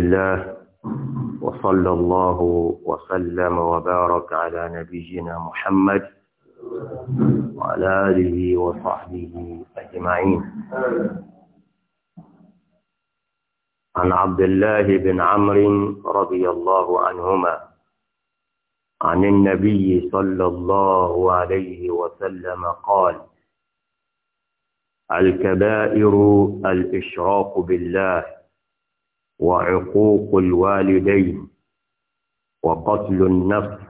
الله وصلى الله وسلم وبارك على نبينا محمد وعلى آله وصحبه أجمعين عن عبد الله بن عمرو رضي الله عنهما عن النبي صلى الله عليه وسلم قال الكبائر الإشراق بالله وعقوق الوالدين وقتل النفس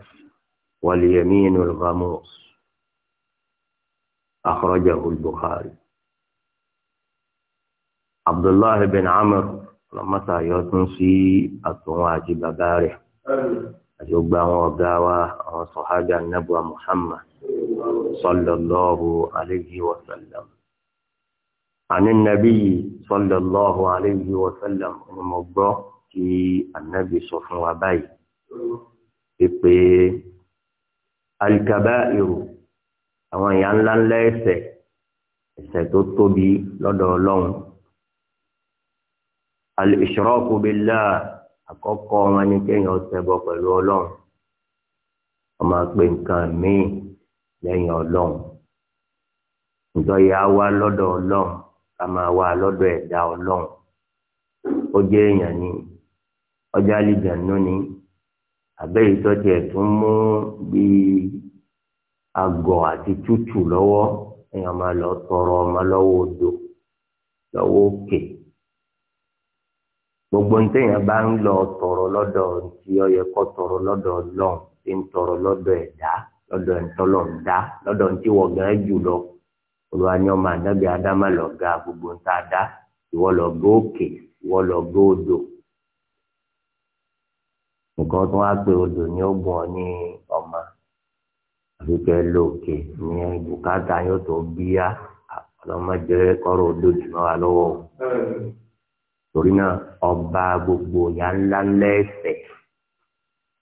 واليمين الغموس أخرجه البخاري عبد الله بن عمر لما سايوتن سي أتوا عجيب بارح أجوب وقاوة وصحابة النبوة محمد صلى الله عليه وسلم àní nàbí yìí sallallahu alayhi wa sallam ni mo gbọ́ kí ànábì sọ fún wa báyìí pípé al-kaba'iru àwọn ìyá ńlá ńlá ẹ̀ṣẹ̀ ẹ̀ṣẹ̀ tó tóbi lọ́dọ̀ Ọlọ́run al-ishraku billah àkọ́kọ́ wọn ni kéèyàn ṣẹbọ pẹ̀lú Ọlọ́run wọn máa pe nǹkan míì lẹ́yìn Ọlọ́run ǹjọ́ yà wá lọ́dọ̀ Ọlọ́run ká máa wá lọ́dọ̀ ẹ̀dá ọlọ́run ó jẹ́ èèyàn ni ọjà àlìjànú ni àbẹ́ ìtọ́jú ẹ̀ tún mú bíi agọ̀ àti tútù lọ́wọ́ èèyàn máa lọ tọrọ ọmọ lọ́wọ́ odò lọ́wọ́ òkè gbogbo ntẹ̀yìn bá ń lọ tọrọ lọ́dọ̀ tí ó yẹ kó tọrọ lọ́dọ̀ lọ́n tí ń tọrọ lọ́dọ̀ ẹ̀dá lọ́dọ̀ ẹ̀ńtọ́lọ́ǹdá lọ́dọ̀ ntí wọ̀gán jù lọ olùwà ni ọmọ ànábì adama lọ ga gbogbo ńta dá ìwọ lọ gbó òkè ìwọ lọ gbó odò nǹkan tó wá pé odò ni ó gbọ́n ní ọmọ àfi kẹ lóòkè ní bùkátà yóò tó bíyá ọlọmọdé kọrọ odò jùlọ wà lọ́wọ́ o torí náà ọba gbogbo yà ńlá ńlá ẹ̀ṣẹ̀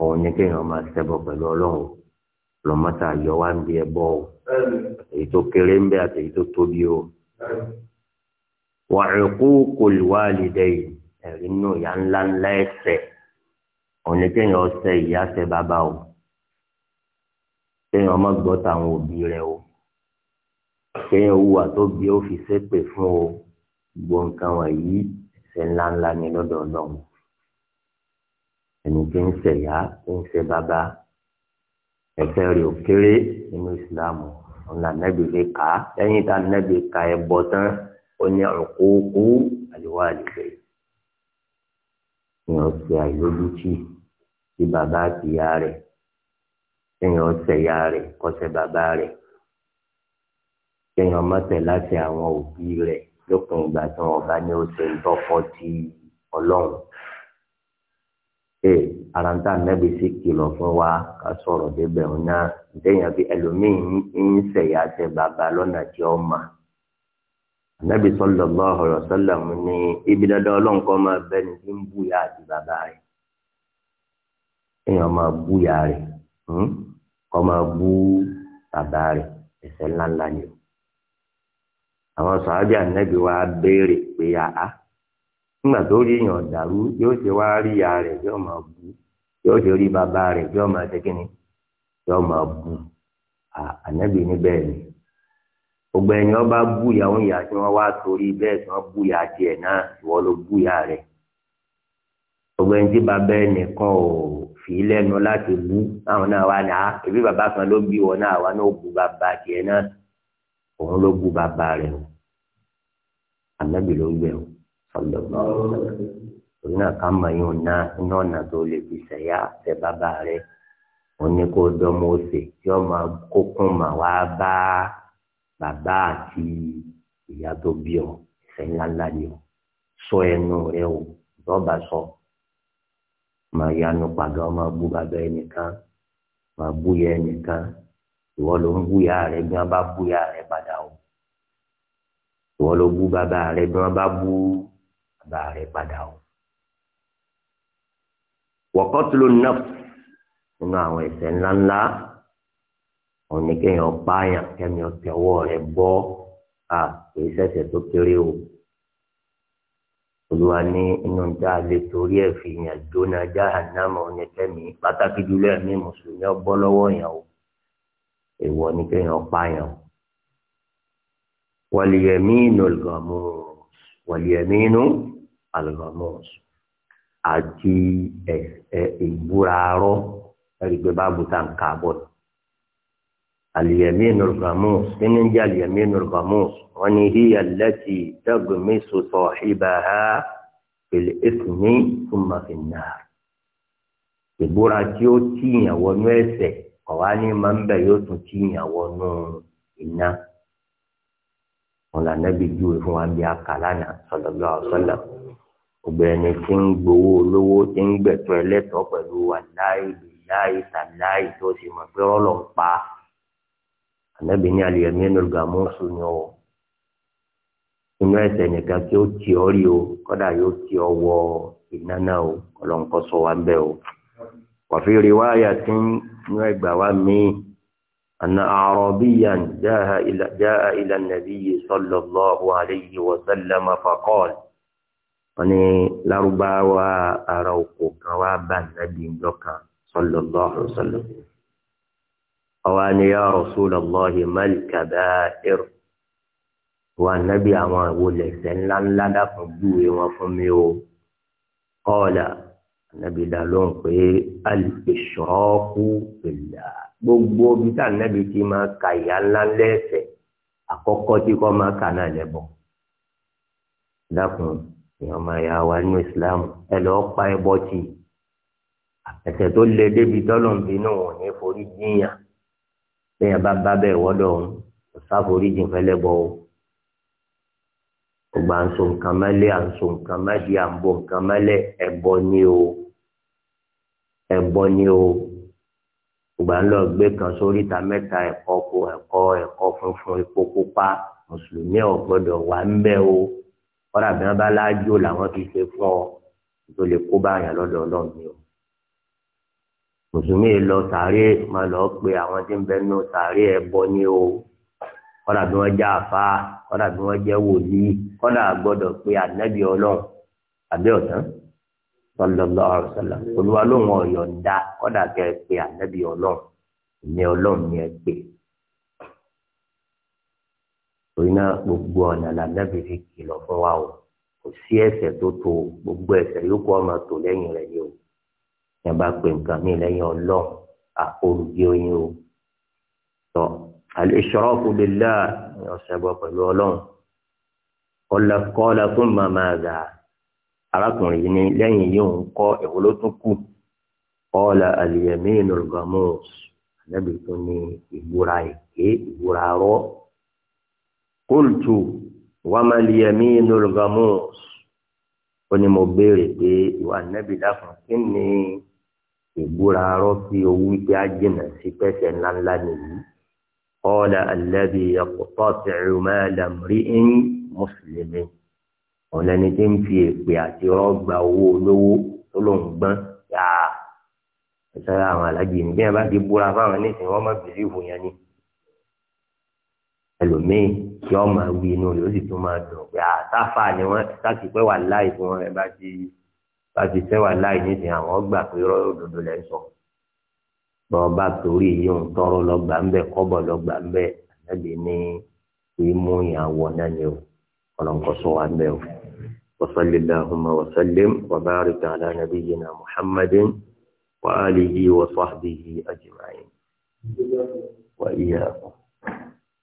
òun ni kéèyàn máa ṣẹbọ pẹ̀lú Ọlọ́run lọ́mọ́ta àyọ̀ wá ń bí ẹbọ o èyí tó kéré ń bẹ àti èyí tó tóbi o. wàhálùkù kò lè wá àlìdẹ yìí ẹ̀rí nù ìyá ńlá ńlá ẹ̀ṣẹ̀ òní kéèyàn ọsẹ ìyá ṣe bàbá o kéèyàn ọmọ gbọ́ tàwọn òbí rẹ o kéèyàn hùwà tó bí ó fi ṣépè fún o gbọ́ nǹkan wọ̀nyí ẹ̀ṣẹ̀ ńlá ńlá ni lọ́dọ̀ ẹni tí ń ṣẹ̀yà ń ṣe bàbá ẹ̀ṣẹ̀ rẹ̀ ò kéré nínú ìsìlámù ọ̀nà nẹ́bí fi kà á lẹ́yìn tá nẹ́bí ka ẹ̀ bọ̀ tán ó ní ọ̀kóókó àlewà àlejò èèyàn ṣe àìlójútì sí bàbá àti ìyá rẹ̀ èèyàn ṣe ìyá rẹ̀ kọ́ṣẹ́ bàbá rẹ̀ èèyàn mọ́tẹ̀ láti àwọn òbí rẹ̀ lópin ìgbà tí wọn bá ní ó ṣe ń tọ́kọ ti ọlọ́run. ee ara ń tà nẹ́bi sí kìlọ̀ fún wa ká sọ̀rọ̀ débẹ̀ òun náà ǹdẹ́yìn àbí ẹlòmíín ń sẹ̀yà tẹ bàbá lọ́nà tí ó mà nẹ́bi sallallahu sọlọ ní ibi dandan ọlọ́run kọ́ máa bẹ́ni tí ń búyà àti bàbá èèyàn máa búyà máa bú bàbá ńláńlá ni o àwọn wa béèrè pé nígbà tó rí èèyàn dàrú yóò ṣe wá rí ìyá rẹ̀ yóò máa bu yóò ṣe rí bàbá rẹ̀ yóò máa ṣe kínní yóò máa bu ànábì níbẹ̀ ni gbogbo ẹni wọn bá bú ìyá wọn ìyá tí wọn wá torí bẹ́ẹ̀ tí wọn bú ìyá tiẹ̀ náà ìwọ ló bú ìyá rẹ̀ gbogbo ẹni tí bàbá ẹnìkan ò fi lẹ́nu láti bú àwọn náà wà náà ẹbí bàbá kan ló bí wọn náà wà náà ó bàbá tiẹ̀ náà òun ló bu bàbá rẹ̀ ànábì ló ń o sọlọ́gbọ́n òun náà ká mọ̀ yín ọ̀nà iná ọ̀nà tó lè fi ṣẹ̀yà tẹ bàbá rẹ̀ òun ni kó dọ́mọ ọ̀sẹ̀ tí ó máa kókún mà wá bá bàbá àti ìyá tó bí ọ ìfẹ́ ńláńlá ni o sọ ẹnu rẹ o lọ́ba sọ máa yanu pàgọ́ máa bú bàbá ẹnìkan máa bú yẹ ẹnìkan ìwọ ló ń bú rẹ bí wọn bá bú rẹ padà o ìwọ ló bú bàbá rẹ bí wọn bá bú bàbá rẹ̀ padà o. wọ́kọ́tulù náà nínú àwọn ẹ̀ṣẹ̀ ńláńlá òun ni kéèyàn pààyàn kẹ́mi ọ̀tẹ̀ ọwọ́ rẹ̀ bọ́ a kì í ṣẹ̀ṣẹ̀ tó kéré o. olúwa ní inú ta lè torí ẹ̀ fi yàn jóná jahannama òun ni kẹ́mi pàtàkì jùlọ ẹ̀mí mùsùlùmí ọgbọ́ lọ́wọ́ yẹn o èèwọ̀ ni kéèyàn pààyàn o wàlìyẹmínú gàmú wàlìyẹmínú algamos àti ìbúraarọ ẹrìgbẹ báàbù tá n kà bọ aliyami nurgamus nínú jẹ aliyami nurgamus wọn ni hiya lẹti dẹgbẹmí sọsọ ìbáha fèlè ẹsùnmí túmọfìnà ìbúra tí ó tìyàn wọnú ẹsẹ ọwá ní máa ń bẹ yóò tún tìyàn wọnú iná wọn là nẹbi júwe fún wa bí a kà lánàá sallallahu alaihi gbogbo ẹni tí ń gbowó olówó tí ń gbẹ̀tọ́ ẹlẹ́tọ̀ọ́ pẹ̀lú wàláì láì tàláì tó sì mọ̀ pé ọlọ́ ń pa ànábì ní aliyẹmí ẹnìlúgàmọ́sù ni ọ inú ẹsẹ̀ nìkan tí ó ti ọ rí o kọ́dà yóò ti ọ wọ iná o ọlọ́nkọ́ sọ wa ń bẹ̀ o wàfi riwaya tí inú ẹgbà wa míì ana arabiyan jaa ila jaa ila nabiyyi sallallahu alayhi wa sallam wọn ní lárúbáwá ara òkò kan wá bá nàbí ńjọ kan sallallahu alaihi wasallam ọwọ ni ya rasulallahi mal kaba'ir wa nàbí àwọn ìwòlẹsẹ ńláńlá dákun júwe wọn fún mi o qala nàbí dá lóhùn pé al-ishraku billah gbogbo bí tá nàbí ti máa ka ìyá ńlá lẹ́sẹ̀ àkọ́kọ́ tí kò máa kà náà lẹ́bọ̀ dákun èèyàn máa yà wá nínú islam ẹ lọ́ọ́ pa ẹ bọ́ tì ẹ̀ṣẹ̀ tó lé débi tọ́lọ̀ ń bínú wọn ní forí jiyàn bẹ́ẹ̀ bá bá bẹ́ẹ̀ wọ́dọ̀ ọ̀hún kò sáforí jìn fẹ́lẹ́ bọ́ o gbogbo à ń so nǹkan mẹ́lẹ́ à ń so nǹkan mẹ́lẹ́ à nǹkan mẹ́lẹ́ ẹ̀bọ ni o ẹ̀bọ ni o gbogbo à ń lọ gbé kan sórí ta mẹ́ta ẹ̀kọ́ ẹ̀kọ́ ẹ̀kọ́ funfun epo pupa mùsùlùmí ò wà ń bẹ́ o kọ́dà bí wọ́n bá láàjò làwọn fi ṣe fún ọ tó lè kó báyà lọ́dọ̀ ọlọ́run o mùsùlùmí lọ sàárè máa lọ pé àwọn tí ń bẹ nù sàárè ẹ bọ ní o kọ́dà bí wọ́n jẹ́ àfa kọ́dà bí wọ́n jẹ́ wòlíì kọ́dà gbọ́dọ̀ pé ànábì ọlọ́run àbí ọ̀tán sọlọlọ ọ̀rọ̀ sọlọ olúwa lóun ọ̀yọ̀ ń dá kọ́dà kẹ́ ẹ pé ànábì ọlọ́run ìní ọlọ́run ni ẹ pè é torí náà gbogbo ọ̀nà làǹdàbí fi kìlọ̀ fún wa o kò sí ẹsẹ̀ tó tó gbogbo ẹsẹ̀ yòókù ọmọ tó lẹ́yìn rẹ̀ ni o yẹn bá pè nǹkan mí lẹ́yìn ọlọ́run olùgbé oyin o tọ́ al-ishraku billah ọ̀sẹ̀ bọ̀ pẹ̀lú ọlọ́run kọ́lá fún màmá àgà arákùnrin yìí ni lẹ́yìn yìí òun kọ́ èwo ló tún kù kọ́lá al-yaminul gamus tó ní ìbúra èké ìbúra rọ́ kóòtù wàmàlìyẹmínul gamus ó ní mo béèrè pé ìwà nẹ́bí dákun kí ni ìbúra arọ́ fi owó pé á jìnà sí pẹ́sẹ̀ ńláńlá nìyí ọ̀la alẹ́bí ẹ̀kọ́tọ́ ti rúmẹ́lẹ̀ rí ń mùsùlùmí ọ̀la ẹni tí ń fi èpè àti rọ́gbà owó olówó tó ló ń gbọ́n yá ẹ̀sẹ̀ àwọn alájì ní bá ti búra fáwọn oníṣẹ́ wọn má bèrè ìwòyàn ni ẹlòmíì tí wọn máa wí inú rẹ ó sì tún máa dùn pé àtàfà ni wọn láti pẹ́ wà láì fún wọn ẹ bá ti bá ti fẹ́ wà láì nísìnyí àwọn gbà pé rọ́rọ́ òdodo lẹ́ ń sọ bọ́n bá torí yìí tọrọ lọ́gbà ń bẹ̀ kọ́bọ̀ lọ́gbà ń bẹ̀ ànábì ní ìmú ìyàwó náà ni o ọlọ́nkọ́ sọ ń bẹ̀ o. وصل اللهم وسلم وبارك على نبينا محمد وآله وصحبه أجمعين وإياكم